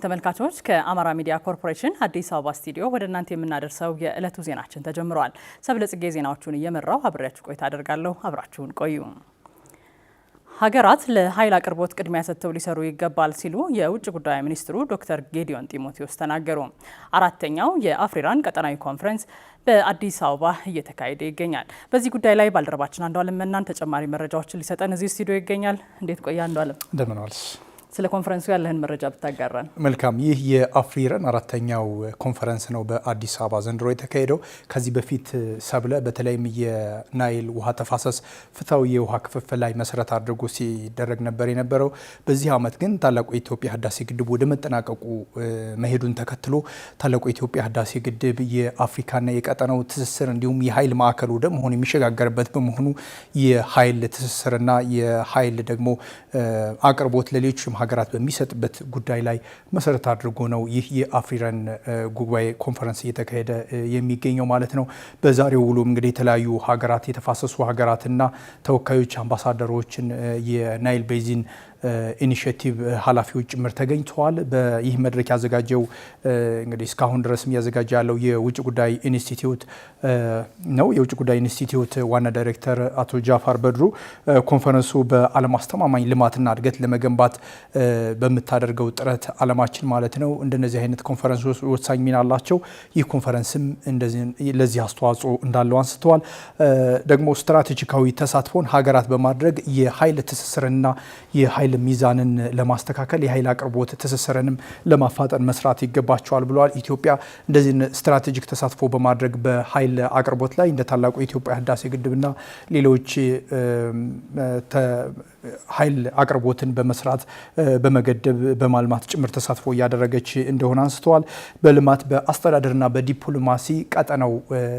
ክቡራን ተመልካቾች ከአማራ ሚዲያ ኮርፖሬሽን አዲስ አበባ ስቱዲዮ ወደ እናንተ የምናደርሰው የዕለቱ ዜናችን ተጀምረዋል። ሰብለጽጌ ዜናዎቹን እየመራው አብሬያችሁ ቆይታ አደርጋለሁ። አብራችሁን ቆዩ። ሀገራት ለኃይል አቅርቦት ቅድሚያ ሰጥተው ሊሰሩ ይገባል ሲሉ የውጭ ጉዳይ ሚኒስትሩ ዶክተር ጌዲዮን ጢሞቴዎስ ተናገሩ። አራተኛው የአፍሪራን ቀጠናዊ ኮንፈረንስ በአዲስ አበባ እየተካሄደ ይገኛል። በዚህ ጉዳይ ላይ ባልደረባችን አንዷለም መናን ተጨማሪ መረጃዎችን ሊሰጠን እዚህ ስቱዲዮ ይገኛል። እንዴት ቆየ አንዷለም? እንደምን ዋልሽ? ስለ ኮንፈረንሱ ያለህን መረጃ ብታጋራን። መልካም። ይህ የአፍሪረን አራተኛው ኮንፈረንስ ነው በአዲስ አበባ ዘንድሮ የተካሄደው። ከዚህ በፊት ሰብለ በተለይም የናይል ውሃ ተፋሰስ ፍትሃዊ የውሃ ክፍፍል ላይ መሰረት አድርጎ ሲደረግ ነበር የነበረው። በዚህ ዓመት ግን ታላቁ የኢትዮጵያ ህዳሴ ግድብ ወደ መጠናቀቁ መሄዱን ተከትሎ ታላቁ የኢትዮጵያ ህዳሴ ግድብ የአፍሪካና የቀጠናው ትስስር እንዲሁም የኃይል ማዕከል ወደ መሆኑ የሚሸጋገርበት በመሆኑ የኃይል ትስስርና የኃይል ደግሞ አቅርቦት ለሌሎችም ሀገራት በሚሰጥበት ጉዳይ ላይ መሰረት አድርጎ ነው ይህ የአፍሪረን ጉባኤ ኮንፈረንስ እየተካሄደ የሚገኘው ማለት ነው። በዛሬው ውሎም እንግዲህ የተለያዩ ሀገራት የተፋሰሱ ሀገራትና ተወካዮች አምባሳደሮችን የናይል ቤዚን ኢኒሽቲቭ ኃላፊዎች ጭምር ተገኝተዋል። በይህ መድረክ ያዘጋጀው እንግዲህ እስካሁን ድረስም እያዘጋጀ ያለው የውጭ ጉዳይ ኢንስቲትዩት ነው። የውጭ ጉዳይ ኢንስቲትዩት ዋና ዳይሬክተር አቶ ጃፋር በድሩ ኮንፈረንሱ በዓለም አስተማማኝ ልማትና እድገት ለመገንባት በምታደርገው ጥረት ዓለማችን ማለት ነው እንደነዚህ አይነት ኮንፈረንሶች ወሳኝ ሚና አላቸው። ይህ ኮንፈረንስም ለዚህ አስተዋጽኦ እንዳለው አንስተዋል። ደግሞ ስትራቴጂካዊ ተሳትፎን ሀገራት በማድረግ የኃይል ትስስርና የኃይል የኃይል ሚዛንን ለማስተካከል የኃይል አቅርቦት ትስስርንም ለማፋጠን መስራት ይገባቸዋል ብለዋል። ኢትዮጵያ እንደዚህን ስትራቴጂክ ተሳትፎ በማድረግ በኃይል አቅርቦት ላይ እንደ ታላቁ የኢትዮጵያ ህዳሴ ግድብና ሌሎች ኃይል አቅርቦትን በመስራት በመገደብ በማልማት ጭምር ተሳትፎ እያደረገች እንደሆነ አንስተዋል። በልማት በአስተዳደርና በዲፕሎማሲ ቀጠናው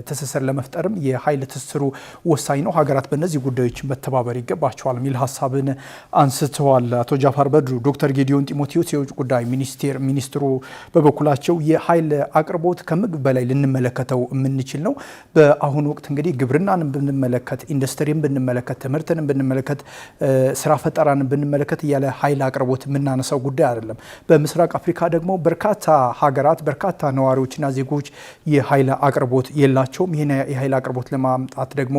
ትስስር ለመፍጠርም የኃይል ትስስሩ ወሳኝ ነው፣ ሀገራት በእነዚህ ጉዳዮች መተባበር ይገባቸዋል የሚል ሀሳብን አንስተዋል። አቶ ጃፋር በድሩ ዶክተር ጌዲዮን ጢሞቴዎስ የውጭ ጉዳይ ሚኒስቴር ሚኒስትሩ በበኩላቸው የኃይል አቅርቦት ከምግብ በላይ ልንመለከተው የምንችል ነው። በአሁኑ ወቅት እንግዲህ ግብርናን ብንመለከት፣ ኢንዱስትሪን ብንመለከት፣ ትምህርትን ብንመለከት ስራ ፈጠራን ብንመለከት ያለ ኃይል አቅርቦት የምናነሳው ጉዳይ አይደለም። በምስራቅ አፍሪካ ደግሞ በርካታ ሀገራት በርካታ ነዋሪዎችና ዜጎች የኃይል አቅርቦት የላቸውም። ይህ የኃይል አቅርቦት ለማምጣት ደግሞ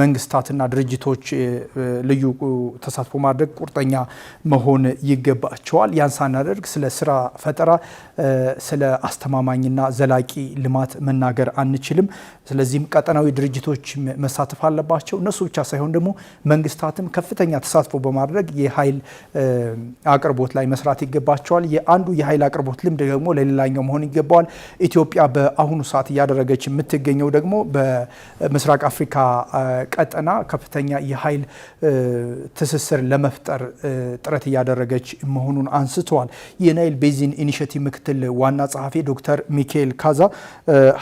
መንግስታትና ድርጅቶች ልዩ ተሳትፎ ማድረግ ቁርጠኛ መሆን ይገባቸዋል። ያን ሳናደርግ ስለ ስራ ፈጠራ ስለ አስተማማኝና ዘላቂ ልማት መናገር አንችልም። ስለዚህም ቀጠናዊ ድርጅቶች መሳተፍ አለባቸው። እነሱ ብቻ ሳይሆን ደግሞ መንግስታትም ከፍተኛ ተሳትፎ በማድረግ የኃይል አቅርቦት ላይ መስራት ይገባቸዋል። የአንዱ የኃይል አቅርቦት ልምድ ደግሞ ለሌላኛው መሆን ይገባዋል። ኢትዮጵያ በአሁኑ ሰዓት እያደረገች የምትገኘው ደግሞ በምስራቅ አፍሪካ ቀጠና ከፍተኛ የኃይል ትስስር ለመፍጠር ጥረት እያደረገች መሆኑን አንስተዋል። የናይል ቤዚን ኢኒሽቲቭ ምክትል ዋና ጸሐፊ ዶክተር ሚካኤል ካዛ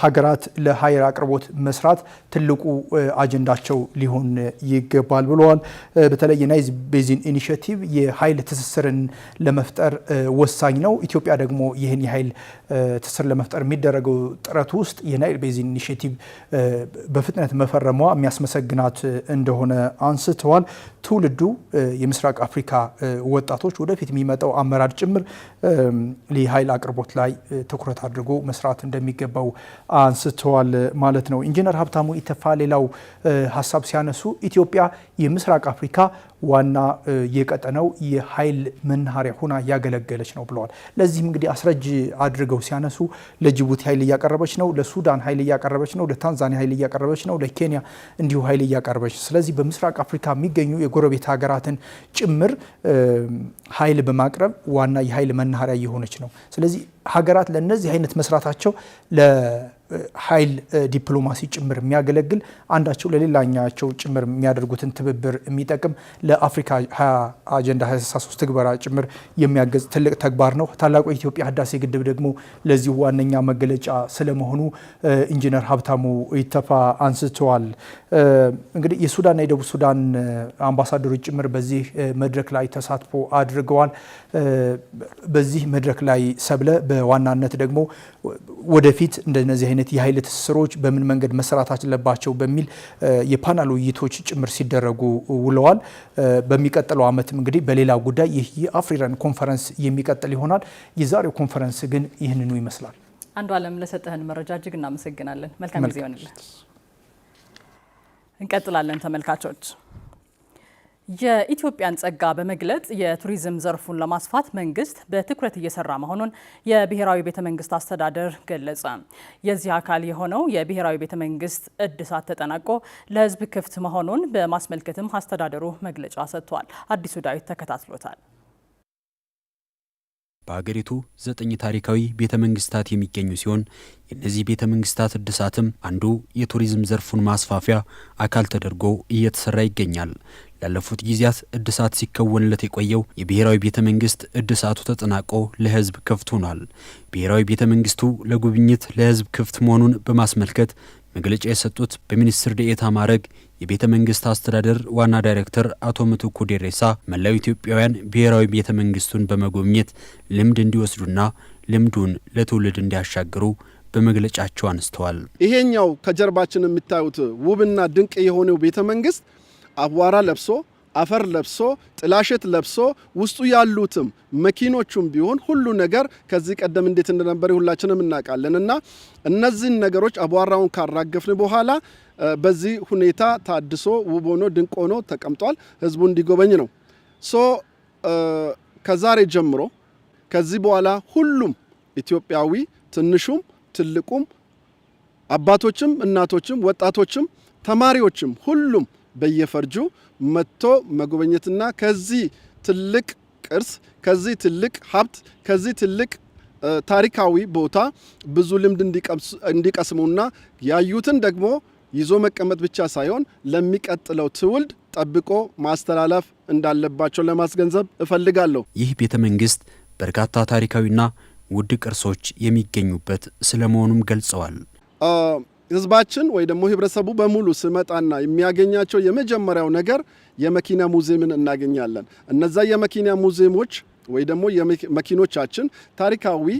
ሀገራት ለኃይል አቅርቦት መስራት ትልቁ አጀንዳቸው ሊሆን ይገባል ብለዋል። በተለይ የናይዝ ቤዚን ኢኒሽቲቭ የኃይል ትስስርን ለመፍጠር ወሳኝ ነው። ኢትዮጵያ ደግሞ ይህን የኃይል ትስስር ለመፍጠር የሚደረገው ጥረት ውስጥ የናይል ቤዚን ኢኒሽቲቭ በፍጥነት መፈረሟ የሚያስመሰግናት እንደሆነ አንስተዋል። ትውልዱ የምስራቅ አፍሪካ ወጣቶች ወደፊት የሚመጣው አመራር ጭምር የኃይል አቅርቦት ላይ ትኩረት አድርጎ መስራት እንደሚገባው አንስተዋል ማለት ነው። ኢንጂነር ሀብታሙ ኢተፋ ሌላው ሀሳብ ሲያነሱ ኢትዮጵያ የምስራቅ አፍሪካ ዋና የቀጠነው የኃይል መናኸሪያ ሆና ያገለገለች ነው ብለዋል። ለዚህም እንግዲህ አስረጅ አድርገው ሲያነሱ ለጅቡቲ ኃይል እያቀረበች ነው፣ ለሱዳን ኃይል እያቀረበች ነው፣ ለታንዛኒያ ኃይል እያቀረበች ነው፣ ለኬንያ እንዲሁ ኃይል እያቀረበች ስለዚህ በምስራቅ አፍሪካ የሚገኙ የጎረቤት ሀገራትን ጭምር ኃይል በማቅረብ ዋና የኃይል መናኸሪያ እየሆነች ነው። ስለዚህ ሀገራት ለእነዚህ አይነት መስራታቸው ኃይል ዲፕሎማሲ ጭምር የሚያገለግል አንዳቸው ለሌላኛቸው ጭምር የሚያደርጉትን ትብብር የሚጠቅም ለአፍሪካ አጀንዳ 2063 ትግበራ ጭምር የሚያገዝ ትልቅ ተግባር ነው። ታላቁ የኢትዮጵያ ህዳሴ ግድብ ደግሞ ለዚሁ ዋነኛ መገለጫ ስለመሆኑ ኢንጂነር ሀብታሙ ይተፋ አንስተዋል። እንግዲህ የሱዳንና የደቡብ ሱዳን አምባሳደሮች ጭምር በዚህ መድረክ ላይ ተሳትፎ አድርገዋል። በዚህ መድረክ ላይ ሰብለ በዋናነት ደግሞ ወደፊት እንደነዚህ አይነት የኃይል ትስስሮች በምን መንገድ መሰራት አለባቸው በሚል የፓናል ውይይቶች ጭምር ሲደረጉ ውለዋል። በሚቀጥለው ዓመትም እንግዲህ በሌላ ጉዳይ ይህ የአፍሪራን ኮንፈረንስ የሚቀጥል ይሆናል። የዛሬው ኮንፈረንስ ግን ይህንኑ ይመስላል። አንዱ አለም ለሰጠህን መረጃ እጅግ እናመሰግናለን። መልካም ጊዜ ይሆንልን። እንቀጥላለን ተመልካቾች የኢትዮጵያን ጸጋ በመግለጽ የቱሪዝም ዘርፉን ለማስፋት መንግስት በትኩረት እየሰራ መሆኑን የብሔራዊ ቤተ መንግስት አስተዳደር ገለጸ። የዚህ አካል የሆነው የብሔራዊ ቤተ መንግስት እድሳት ተጠናቆ ለህዝብ ክፍት መሆኑን በማስመልከትም አስተዳደሩ መግለጫ ሰጥቷል። አዲሱ ዳዊት ተከታትሎታል። በአገሪቱ ዘጠኝ ታሪካዊ ቤተ መንግስታት የሚገኙ ሲሆን የእነዚህ ቤተ መንግስታት እድሳትም አንዱ የቱሪዝም ዘርፉን ማስፋፊያ አካል ተደርጎ እየተሰራ ይገኛል። ላለፉት ጊዜያት እድሳት ሲከወንለት የቆየው የብሔራዊ ቤተ መንግስት እድሳቱ ተጠናቆ ለህዝብ ክፍት ሆኗል። ብሔራዊ ቤተ መንግስቱ ለጉብኝት ለህዝብ ክፍት መሆኑን በማስመልከት መግለጫ የሰጡት በሚኒስትር ዴኤታ ማዕረግ የቤተ መንግስት አስተዳደር ዋና ዳይሬክተር አቶ ምትኩ ዴሬሳ መላው ኢትዮጵያውያን ብሔራዊ ቤተ መንግስቱን በመጎብኘት ልምድ እንዲወስዱና ልምዱን ለትውልድ እንዲያሻግሩ በመግለጫቸው አንስተዋል። ይሄኛው ከጀርባችን የምታዩት ውብና ድንቅ የሆነው ቤተ መንግስት አቧራ ለብሶ አፈር ለብሶ ጥላሸት ለብሶ ውስጡ ያሉትም መኪኖቹም ቢሆን ሁሉ ነገር ከዚህ ቀደም እንዴት እንደነበር ሁላችንም እናውቃለን። እና እነዚህን ነገሮች አቧራውን ካራገፍን በኋላ በዚህ ሁኔታ ታድሶ ውብ ሆኖ ድንቅ ሆኖ ተቀምጧል። ህዝቡ እንዲጎበኝ ነው። ሶ ከዛሬ ጀምሮ ከዚህ በኋላ ሁሉም ኢትዮጵያዊ ትንሹም ትልቁም አባቶችም እናቶችም ወጣቶችም ተማሪዎችም ሁሉም በየፈርጁ መጥቶ መጎብኘትና ከዚህ ትልቅ ቅርስ ከዚህ ትልቅ ሀብት ከዚህ ትልቅ ታሪካዊ ቦታ ብዙ ልምድ እንዲቀስሙና ያዩትን ደግሞ ይዞ መቀመጥ ብቻ ሳይሆን ለሚቀጥለው ትውልድ ጠብቆ ማስተላለፍ እንዳለባቸው ለማስገንዘብ እፈልጋለሁ። ይህ ቤተ መንግስት በርካታ ታሪካዊና ውድ ቅርሶች የሚገኙበት ስለመሆኑም ገልጸዋል። ህዝባችን ወይ ደግሞ ህብረተሰቡ በሙሉ ስመጣና የሚያገኛቸው የመጀመሪያው ነገር የመኪና ሙዚየምን እናገኛለን። እነዛ የመኪና ሙዚየሞች ወይ ደግሞ መኪኖቻችን ታሪካዊ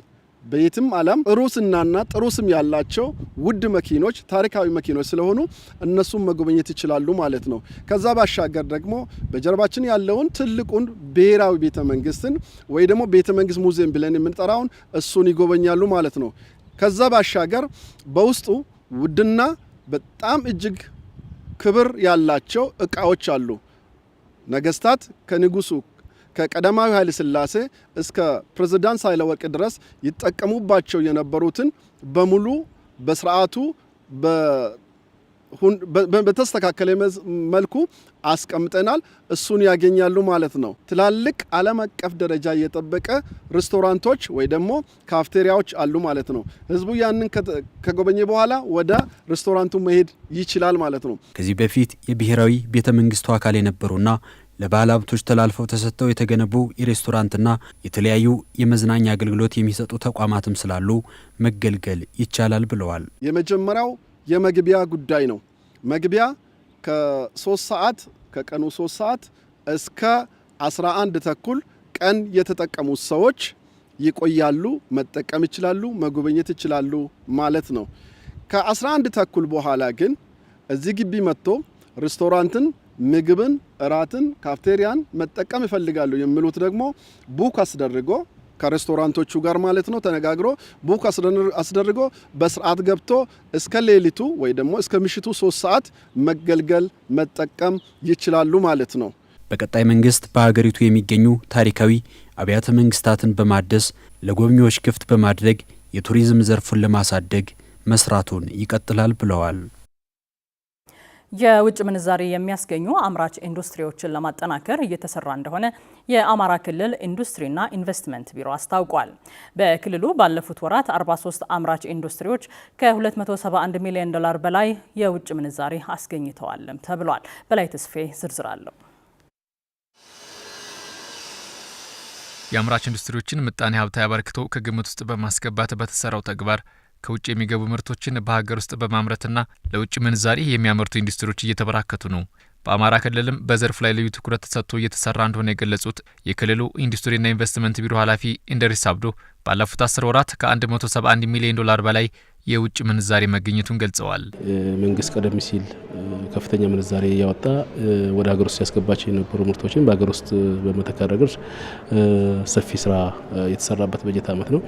በየትም ዓለም ጥሩ ስናና ጥሩ ስም ያላቸው ውድ መኪኖች ታሪካዊ መኪኖች ስለሆኑ እነሱም መጎብኘት ይችላሉ ማለት ነው። ከዛ ባሻገር ደግሞ በጀርባችን ያለውን ትልቁን ብሔራዊ ቤተ መንግስትን ወይ ደግሞ ቤተ መንግስት ሙዚየም ብለን የምንጠራውን እሱን ይጎበኛሉ ማለት ነው። ከዛ ባሻገር በውስጡ ውድና በጣም እጅግ ክብር ያላቸው እቃዎች አሉ። ነገስታት ከንጉሱ ከቀዳማዊ ኃይለ ሥላሴ እስከ ፕሬዝዳንት ሳህለወርቅ ድረስ ይጠቀሙባቸው የነበሩትን በሙሉ በስርዓቱ በተስተካከለ መልኩ አስቀምጠናል። እሱን ያገኛሉ ማለት ነው። ትላልቅ ዓለም አቀፍ ደረጃ የጠበቀ ሬስቶራንቶች ወይ ደግሞ ካፍቴሪያዎች አሉ ማለት ነው። ህዝቡ ያንን ከጎበኘ በኋላ ወደ ሬስቶራንቱ መሄድ ይችላል ማለት ነው። ከዚህ በፊት የብሔራዊ ቤተ መንግስቱ አካል የነበሩና ለባለ ሀብቶች ተላልፈው ተሰጥተው የተገነቡ የሬስቶራንትና የተለያዩ የመዝናኛ አገልግሎት የሚሰጡ ተቋማትም ስላሉ መገልገል ይቻላል ብለዋል። የመጀመሪያው የመግቢያ ጉዳይ ነው። መግቢያ ከሶስት ሰዓት ከቀኑ ሶስት ሰዓት እስከ 11 ተኩል ቀን የተጠቀሙት ሰዎች ይቆያሉ፣ መጠቀም ይችላሉ፣ መጎብኘት ይችላሉ ማለት ነው። ከ11 ተኩል በኋላ ግን እዚህ ግቢ መጥቶ ሬስቶራንትን፣ ምግብን፣ እራትን፣ ካፍቴሪያን መጠቀም ይፈልጋሉ የሚሉት ደግሞ ቡክ አስደርጎ ከሬስቶራንቶቹ ጋር ማለት ነው ተነጋግሮ ቡክ አስደርጎ በስርዓት ገብቶ እስከ ሌሊቱ ወይ ደግሞ እስከ ምሽቱ ሶስት ሰዓት መገልገል መጠቀም ይችላሉ ማለት ነው። በቀጣይ መንግስት በሀገሪቱ የሚገኙ ታሪካዊ አብያተ መንግስታትን በማደስ ለጎብኚዎች ክፍት በማድረግ የቱሪዝም ዘርፉን ለማሳደግ መስራቱን ይቀጥላል ብለዋል። የውጭ ምንዛሪ የሚያስገኙ አምራች ኢንዱስትሪዎችን ለማጠናከር እየተሰራ እንደሆነ የአማራ ክልል ኢንዱስትሪና ኢንቨስትመንት ቢሮ አስታውቋል። በክልሉ ባለፉት ወራት 43 አምራች ኢንዱስትሪዎች ከ271 ሚሊዮን ዶላር በላይ የውጭ ምንዛሪ አስገኝተዋልም ተብሏል። በላይ ተስፌ ዝርዝር አለው። የአምራች ኢንዱስትሪዎችን ምጣኔ ሀብታዊ አበርክቶ ከግምት ውስጥ በማስገባት በተሰራው ተግባር ከውጭ የሚገቡ ምርቶችን በሀገር ውስጥ በማምረትና ለውጭ ምንዛሪ የሚያመርቱ ኢንዱስትሪዎች እየተበራከቱ ነው። በአማራ ክልልም በዘርፉ ላይ ልዩ ትኩረት ተሰጥቶ እየተሰራ እንደሆነ የገለጹት የክልሉ ኢንዱስትሪና ኢንቨስትመንት ቢሮ ኃላፊ እንደሪስ አብዶ ባለፉት አስር ወራት ከ171 ሚሊዮን ዶላር በላይ የውጭ ምንዛሬ መገኘቱን ገልጸዋል። መንግስት ቀደም ሲል ከፍተኛ ምንዛሬ እያወጣ ወደ ሀገር ውስጥ ያስገባቸው የነበሩ ምርቶችን በሀገር ውስጥ በመተካረግር ሰፊ ስራ የተሰራበት በጀት ዓመት ነው።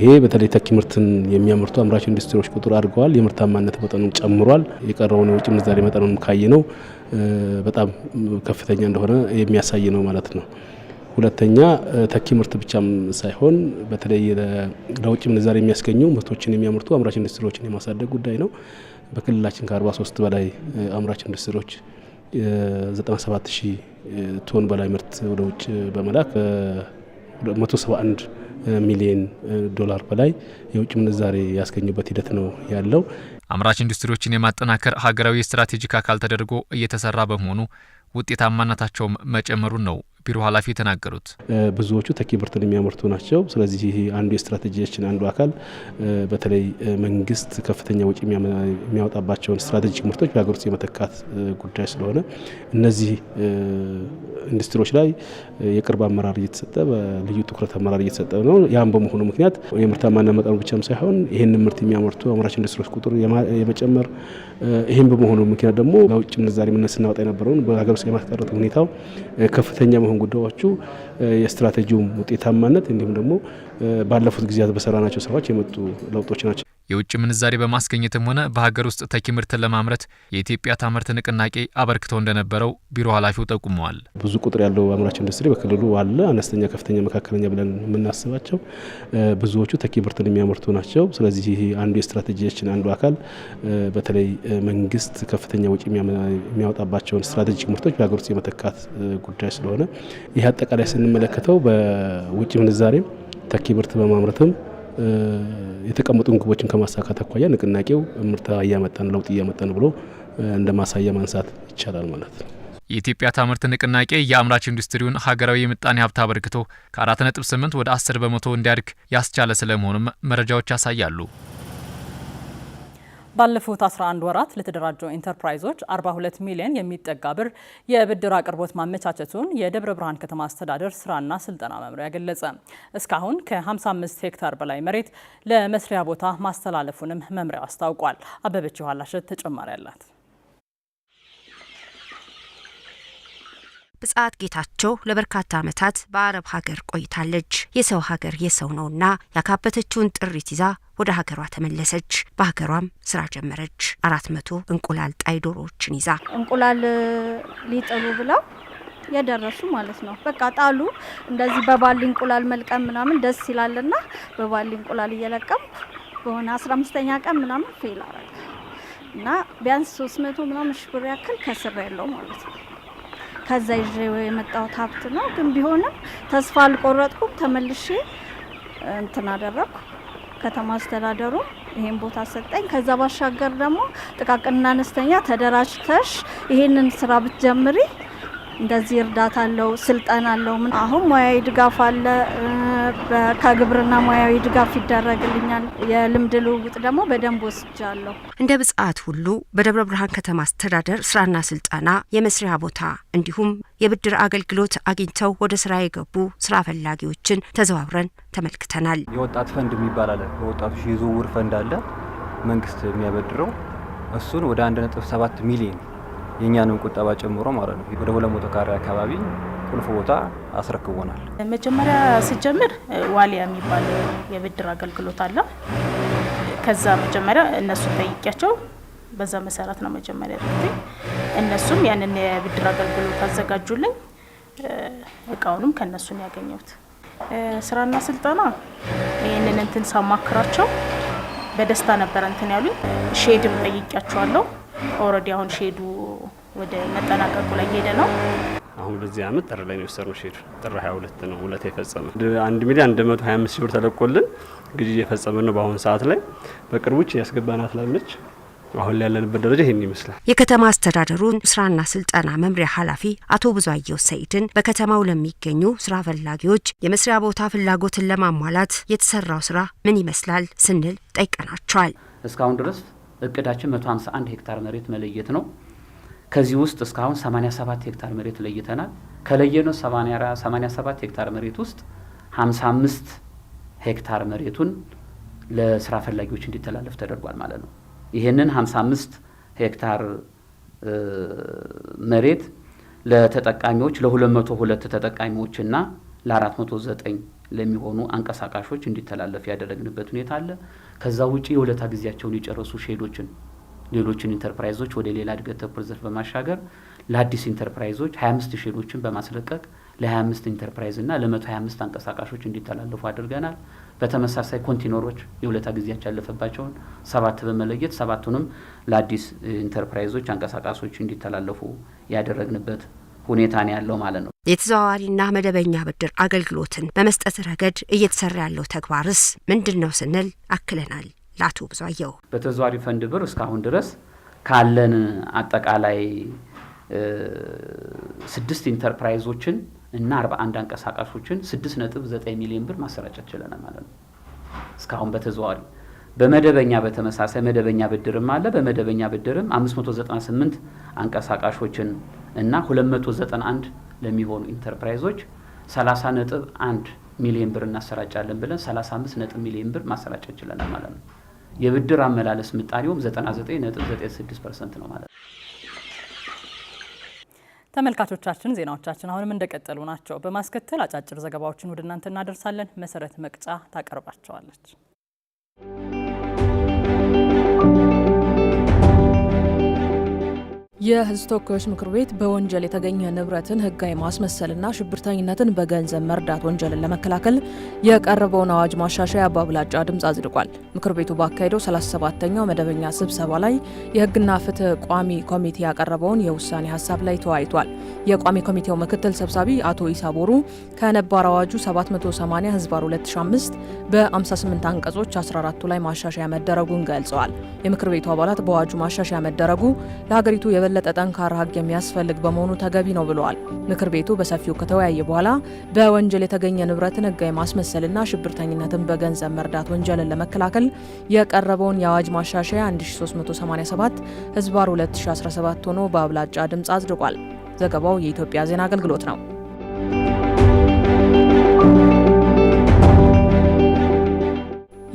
ይሄ በተለይ ተኪ ምርትን የሚያመርቱ አምራች ኢንዱስትሪዎች ቁጥር አድርገዋል። የምርታማነት መጠኑም ጨምሯል። የቀረውን የውጭ ምንዛሬ መጠኑም ካየ ነው በጣም ከፍተኛ እንደሆነ የሚያሳይ ነው ማለት ነው። ሁለተኛ ተኪ ምርት ብቻም ሳይሆን በተለይ ለውጭ ምንዛሬ የሚያስገኙ ምርቶችን የሚያመርቱ አምራች ኢንዱስትሪዎችን የማሳደግ ጉዳይ ነው። በክልላችን ከ43 በላይ አምራች ኢንዱስትሪዎች 97 ሺህ ቶን በላይ ምርት ወደ ውጭ በመላክ 171 ሚሊዮን ዶላር በላይ የውጭ ምንዛሬ ያስገኙበት ሂደት ነው ያለው። አምራች ኢንዱስትሪዎችን የማጠናከር ሀገራዊ የስትራቴጂክ አካል ተደርጎ እየተሰራ በመሆኑ ውጤታማነታቸውም መጨመሩን ነው ቢሮ ኃላፊ የተናገሩት ብዙዎቹ ተኪ ምርትን የሚያመርቱ ናቸው። ስለዚህ ይህ አንዱ የስትራቴጂያችን አንዱ አካል በተለይ መንግስት ከፍተኛ ወጪ የሚያወጣባቸውን ስትራቴጂክ ምርቶች በሀገር ውስጥ የመተካት ጉዳይ ስለሆነ እነዚህ ኢንዱስትሪዎች ላይ የቅርብ አመራር እየተሰጠ በልዩ ትኩረት አመራር እየተሰጠ ነው። ያም በመሆኑ ምክንያት የምርታማና መጠኑ ብቻም ሳይሆን ይህንን ምርት የሚያመርቱ አምራች ኢንዱስትሪዎች ቁጥር የመጨመር ይህም በመሆኑ ምክንያት ደግሞ በውጭ ምንዛሪ ምነት ስናወጣ የነበረውን በሀገር ውስጥ የማስቀረት ሁኔታው ከፍተኛ መሆኑ የሚሆን ጉዳዮቹ የስትራቴጂውም ውጤታማነት እንዲሁም ደግሞ ባለፉት ጊዜያት በሰራናቸው ስራዎች የመጡ ለውጦች ናቸው። የውጭ ምንዛሬ በማስገኘትም ሆነ በሀገር ውስጥ ተኪ ምርትን ለማምረት የኢትዮጵያ ታምርት ንቅናቄ አበርክቶ እንደነበረው ቢሮ ኃላፊው ጠቁመዋል። ብዙ ቁጥር ያለው አምራች ኢንዱስትሪ በክልሉ አለ። አነስተኛ፣ ከፍተኛ፣ መካከለኛ ብለን የምናስባቸው ብዙዎቹ ተኪ ምርትን የሚያመርቱ ናቸው። ስለዚህ ይህ አንዱ የስትራቴጂያችን አንዱ አካል በተለይ መንግስት ከፍተኛ ውጭ የሚያወጣባቸውን ስትራቴጂክ ምርቶች በሀገር ውስጥ የመተካት ጉዳይ ስለሆነ ይህ አጠቃላይ ስንመለከተው በውጭ ምንዛሬም ተኪ ምርት በማምረትም የተቀመጡ ግቦችን ከማሳካት አኳያ ንቅናቄው ምርታ እያመጣን ለውጥ እያመጣን ብሎ እንደ ማሳያ ማንሳት ይቻላል ማለት ነው። የኢትዮጵያ ታምርት ንቅናቄ የአምራች ኢንዱስትሪውን ሀገራዊ የምጣኔ ሀብት አበርክቶ ከ4.8 ወደ 10 በመቶ እንዲያድግ ያስቻለ ስለመሆኑም መረጃዎች ያሳያሉ። ባለፉት 11 ወራት ለተደራጁ ኢንተርፕራይዞች 42 ሚሊዮን የሚጠጋ ብር የብድር አቅርቦት ማመቻቸቱን የደብረ ብርሃን ከተማ አስተዳደር ስራና ስልጠና መምሪያ ገለጸ። እስካሁን ከ55 ሄክታር በላይ መሬት ለመስሪያ ቦታ ማስተላለፉንም መምሪያው አስታውቋል። አበበች ኋላሸት ተጨማሪ አላት። ብጻት ጌታቸው ለበርካታ ዓመታት በአረብ ሀገር ቆይታለች። የሰው ሀገር የሰው ነውና ያካበተችውን ጥሪት ይዛ ወደ ሀገሯ ተመለሰች። በሀገሯም ስራ ጀመረች። አራት መቶ እንቁላል ጣይ ዶሮዎችን ይዛ እንቁላል ሊጥሉ ብለው የደረሱ ማለት ነው። በቃ ጣሉ። እንደዚህ በባሊ እንቁላል መልቀም ምናምን ደስ ይላልና በባሊ እንቁላል እየለቀም በሆነ አስራ አምስተኛ ቀን ምናምን ፌል አረግ እና ቢያንስ ሶስት መቶ ምናምን ሽብር ያክል ከስር ያለው ማለት ነው ከዛ ይዤ የመጣሁት ሀብት ነው። ግን ቢሆንም ተስፋ አልቆረጥኩም። ተመልሼ እንትን አደረግኩ። ከተማ አስተዳደሩ ይሄን ቦታ ሰጠኝ። ከዛ ባሻገር ደግሞ ጥቃቅንና አነስተኛ ተደራጅተሽ ይሄንን ስራ ብትጀምሪ እንደዚህ እርዳታ አለው፣ ስልጠና አለው። ምን አሁን ሙያዊ ድጋፍ አለ ከግብርና ሙያዊ ድጋፍ ይደረግልኛል። የልምድ ልውውጥ ደግሞ በደንብ ወስጃለሁ። እንደ ብጽአት ሁሉ በደብረ ብርሃን ከተማ አስተዳደር ስራና ስልጠና የመስሪያ ቦታ እንዲሁም የብድር አገልግሎት አግኝተው ወደ ስራ የገቡ ስራ ፈላጊዎችን ተዘዋውረን ተመልክተናል። የወጣት ፈንድ የሚባል አለ። በወጣቶች የዝውውር ፈንድ አለ መንግስት የሚያበድረው እሱን ወደ 1.7 ሚሊዮን የእኛንም ቁጠባ ጨምሮ ማለት ነው ወደ ሁለት መቶ ካሬ አካባቢ ቁልፍ ቦታ አስረክቦናል። መጀመሪያ ስጀምር ዋሊያ የሚባል የብድር አገልግሎት አለ። ከዛ መጀመሪያ እነሱን ጠይቂያቸው በዛ መሰረት ነው መጀመሪያ እነሱም ያንን የብድር አገልግሎት አዘጋጁልኝ። እቃውንም ከእነሱን ያገኘሁት ስራና ስልጠና ይህንን እንትን ሳማክራቸው በደስታ ነበረ እንትን ያሉኝ። ሼድም ጠይቂያቸዋለሁ። ኦልሬዲ አሁን ሼዱ ወደ መጠናቀቁ ላይ እየሄደ ነው። አሁን በዚህ አመት ጥር ላይ ነው የወሰድነው። ሼድ ጥር 22 ነው ሁለት የፈጸመ አንድ ሚሊዮን 125 ሺህ ብር ተለቆልን ግዢ እየፈጸመ ነው በአሁኑ ሰዓት ላይ በቅርቡች ያስገባናት ላለች አሁን ያለንበት ደረጃ ይህን ይመስላል። የከተማ አስተዳደሩ ስራና ስልጠና መምሪያ ኃላፊ አቶ ብዙአየሁ ሰይድን በከተማው ለሚገኙ ስራ ፈላጊዎች የመስሪያ ቦታ ፍላጎትን ለማሟላት የተሰራው ስራ ምን ይመስላል ስንል ጠይቀናቸዋል። እስካሁን ድረስ እቅዳችን 151 ሄክታር መሬት መለየት ነው። ከዚህ ውስጥ እስካሁን 87 ሄክታር መሬት ለይተናል። ከለየነው 87 ሄክታር መሬት ውስጥ 55 ሄክታር መሬቱን ለስራ ፈላጊዎች እንዲተላለፍ ተደርጓል ማለት ነው። ይህንን 55 ሄክታር መሬት ለተጠቃሚዎች ለ202 ተጠቃሚዎችና ለ409 ለሚሆኑ አንቀሳቃሾች እንዲተላለፍ ያደረግንበት ሁኔታ አለ። ከዛ ውጪ የውለታ ጊዜያቸውን የጨረሱ ሼዶችን ሌሎችን ኢንተርፕራይዞች ወደ ሌላ እድገት ተኮር ዘርፍ በማሻገር ለአዲስ ኢንተርፕራይዞች 25 ሼሎችን በማስለቀቅ ለ25 ኢንተርፕራይዝ እና ለ125 አንቀሳቃሾች እንዲተላለፉ አድርገናል። በተመሳሳይ ኮንቴነሮች የሁለታ ጊዜያቸው ያለፈባቸውን ሰባት በመለየት ሰባቱንም ለአዲስ ኢንተርፕራይዞች አንቀሳቃሶች እንዲተላለፉ ያደረግንበት ሁኔታ ነው ያለው ማለት ነው። የተዘዋዋሪና መደበኛ ብድር አገልግሎትን በመስጠት ረገድ እየተሰራ ያለው ተግባርስ ምንድን ነው ስንል አክለናል። ለአቶ ብዙአየሁ በተዘዋሪ ፈንድ ብር እስካሁን ድረስ ካለን አጠቃላይ ስድስት ኢንተርፕራይዞችን እና አርባ አንድ አንቀሳቃሾችን ስድስት ነጥብ ዘጠኝ ሚሊዮን ብር ማሰራጨት ችለናል ማለት ነው። እስካሁን በተዘዋዋሪ በመደበኛ በተመሳሳይ መደበኛ ብድርም አለ። በመደበኛ ብድርም 598 አንቀሳቃሾችን እና 291 ለሚሆኑ ኢንተርፕራይዞች 30 ነጥብ 1 ሚሊዮን ብር እናሰራጫለን ብለን 35 ነጥብ ሚሊዮን ብር ማሰራጨት ችለናል ማለት ነው። የብድር አመላለስ ምጣኔውም 99.96 ፐርሰንት ነው ማለት ነው። ተመልካቾቻችን ዜናዎቻችን አሁንም እንደቀጠሉ ናቸው። በማስከተል አጫጭር ዘገባዎችን ወደ እናንተ እናደርሳለን። መሰረት መቅጫ ታቀርባቸዋለች። የህዝብ ተወካዮች ምክር ቤት በወንጀል የተገኘ ንብረትን ህጋዊ ማስመሰልና ሽብርተኝነትን በገንዘብ መርዳት ወንጀልን ለመከላከል የቀረበውን አዋጅ ማሻሻያ በአብላጫ ድምፅ አጽድቋል። ምክር ቤቱ ባካሄደው 37ኛው መደበኛ ስብሰባ ላይ የህግና ፍትህ ቋሚ ኮሚቴ ያቀረበውን የውሳኔ ሀሳብ ላይ ተወያይቷል። የቋሚ ኮሚቴው ምክትል ሰብሳቢ አቶ ኢሳ ቦሩ ከነባር አዋጁ 780 ህዝባር 2005 በ58 አንቀጾች 14ቱ ላይ ማሻሻያ መደረጉን ገልጸዋል። የምክር ቤቱ አባላት በአዋጁ ማሻሻያ መደረጉ ለሀገሪቱ የበለጠ ጠንካራ ህግ የሚያስፈልግ በመሆኑ ተገቢ ነው ብለዋል። ምክር ቤቱ በሰፊው ከተወያየ በኋላ በወንጀል የተገኘ ንብረትን ህጋዊ ማስመሰልና ሽብርተኝነትን በገንዘብ መርዳት ወንጀልን ለመከላከል የቀረበውን የአዋጅ ማሻሻያ 1387 ህዝባር 2017 ሆኖ በአብላጫ ድምፅ አጽድቋል። ዘገባው የኢትዮጵያ ዜና አገልግሎት ነው።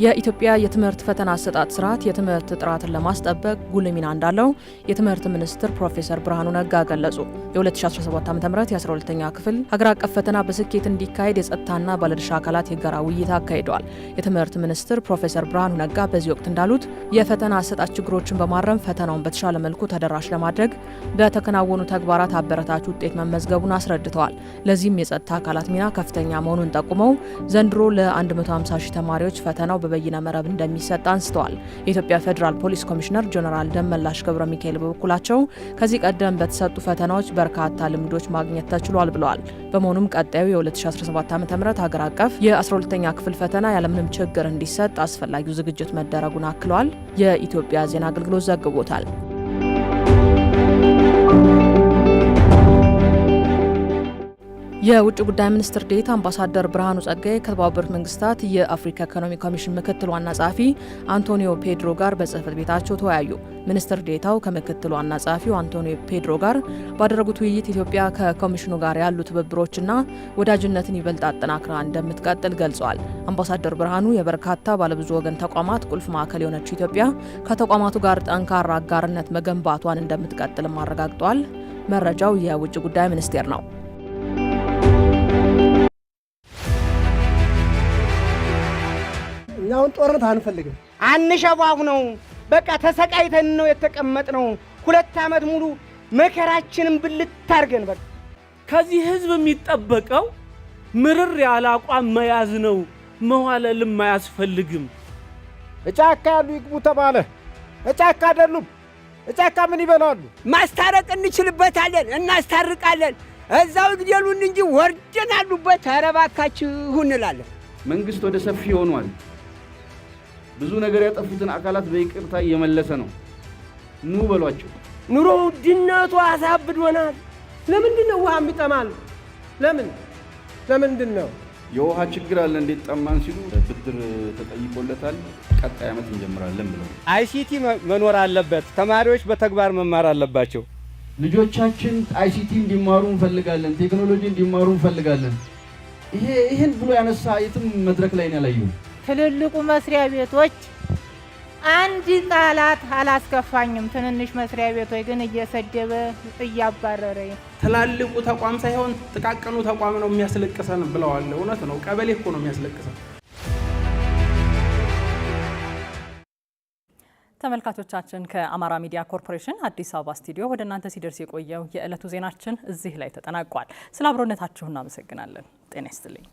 የኢትዮጵያ የትምህርት ፈተና አሰጣጥ ስርዓት የትምህርት ጥራትን ለማስጠበቅ ጉልህ ሚና እንዳለው የትምህርት ሚኒስትር ፕሮፌሰር ብርሃኑ ነጋ ገለጹ። የ2017 ዓ ም የ12ኛ ክፍል ሀገር አቀፍ ፈተና በስኬት እንዲካሄድ የጸጥታና ባለድርሻ አካላት የጋራ ውይይት አካሂደዋል። የትምህርት ሚኒስትር ፕሮፌሰር ብርሃኑ ነጋ በዚህ ወቅት እንዳሉት የፈተና አሰጣጥ ችግሮችን በማረም ፈተናውን በተሻለ መልኩ ተደራሽ ለማድረግ በተከናወኑ ተግባራት አበረታች ውጤት መመዝገቡን አስረድተዋል። ለዚህም የጸጥታ አካላት ሚና ከፍተኛ መሆኑን ጠቁመው ዘንድሮ ለ150 ሺህ ተማሪዎች ፈተናው በበይነ መረብ እንደሚሰጥ አንስተዋል። የኢትዮጵያ ፌዴራል ፖሊስ ኮሚሽነር ጀኔራል ደመላሽ ገብረ ሚካኤል በበኩላቸው ከዚህ ቀደም በተሰጡ ፈተናዎች በርካታ ልምዶች ማግኘት ተችሏል ብለዋል። በመሆኑም ቀጣዩ የ2017 ዓ ም ሀገር አቀፍ የ12ኛ ክፍል ፈተና ያለምንም ችግር እንዲሰጥ አስፈላጊው ዝግጅት መደረጉን አክለዋል። የኢትዮጵያ ዜና አገልግሎት ዘግቦታል። የውጭ ጉዳይ ሚኒስትር ዴታ አምባሳደር ብርሃኑ ጸጋዬ ከተባበሩት መንግስታት የአፍሪካ ኢኮኖሚ ኮሚሽን ምክትል ዋና ጸሐፊ አንቶኒዮ ፔድሮ ጋር በጽህፈት ቤታቸው ተወያዩ። ሚኒስትር ዴታው ከምክትል ዋና ጸሐፊው አንቶኒዮ ፔድሮ ጋር ባደረጉት ውይይት ኢትዮጵያ ከኮሚሽኑ ጋር ያሉ ትብብሮችና ወዳጅነትን ይበልጥ አጠናክራ እንደምትቀጥል ገልጸዋል። አምባሳደር ብርሃኑ የበርካታ ባለብዙ ወገን ተቋማት ቁልፍ ማዕከል የሆነችው ኢትዮጵያ ከተቋማቱ ጋር ጠንካራ አጋርነት መገንባቷን እንደምትቀጥልም አረጋግጧል። መረጃው የውጭ ጉዳይ ሚኒስቴር ነው። አሁን ጦርነት አንፈልግም። አንሸዋሁ ነው በቃ ተሰቃይተን ነው የተቀመጥ ነው። ሁለት ዓመት ሙሉ መከራችንን ብልታርገን አድርገን በቃ ከዚህ ህዝብ የሚጠበቀው ምርር ያለ አቋም መያዝ ነው። መዋለልም አያስፈልግም። እጫካ ያሉ ይግቡ ተባለ። እጫካ አይደሉም። እጫካ ምን ይበላሉ? ማስታረቅ እንችልበታለን፣ እናስታርቃለን። እዛው ይግደሉን እንጂ ወርደን አሉበት። ኧረ እባካችሁ እንላለን። መንግሥት ወደ ሰፊ ሆኗል። ብዙ ነገር ያጠፉትን አካላት በይቅርታ እየመለሰ ነው። ኑ በሏቸው። ኑሮ ውድነቱ አሳብዶናል። ለምንድን ነው ውሃ የሚጠማል? ለምን ለምንድን ነው የውሃ ችግር አለ? እንዴት ጠማን ሲሉ ብድር ተጠይቆለታል። ቀጣይ ዓመት እንጀምራለን ብለው አይሲቲ መኖር አለበት። ተማሪዎች በተግባር መማር አለባቸው። ልጆቻችን አይሲቲ እንዲማሩ እንፈልጋለን። ቴክኖሎጂ እንዲማሩ እንፈልጋለን። ይሄ ይህን ብሎ ያነሳ የትም መድረክ ላይ ነው ትልልቁ መስሪያ ቤቶች አንድ ጣላት አላስከፋኝም። ትንንሽ መስሪያ ቤቶች ግን እየሰደበ እያባረረ ትላልቁ ተቋም ሳይሆን ጥቃቅኑ ተቋም ነው የሚያስለቅሰን ብለዋል። እውነት ነው። ቀበሌ እኮ ነው የሚያስለቅሰን። ተመልካቾቻችን ከአማራ ሚዲያ ኮርፖሬሽን አዲስ አበባ ስቱዲዮ ወደ እናንተ ሲደርስ የቆየው የዕለቱ ዜናችን እዚህ ላይ ተጠናቋል። ስለ አብሮነታችሁ እናመሰግናለን። ጤና ይስጥልኝ።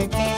Thank you.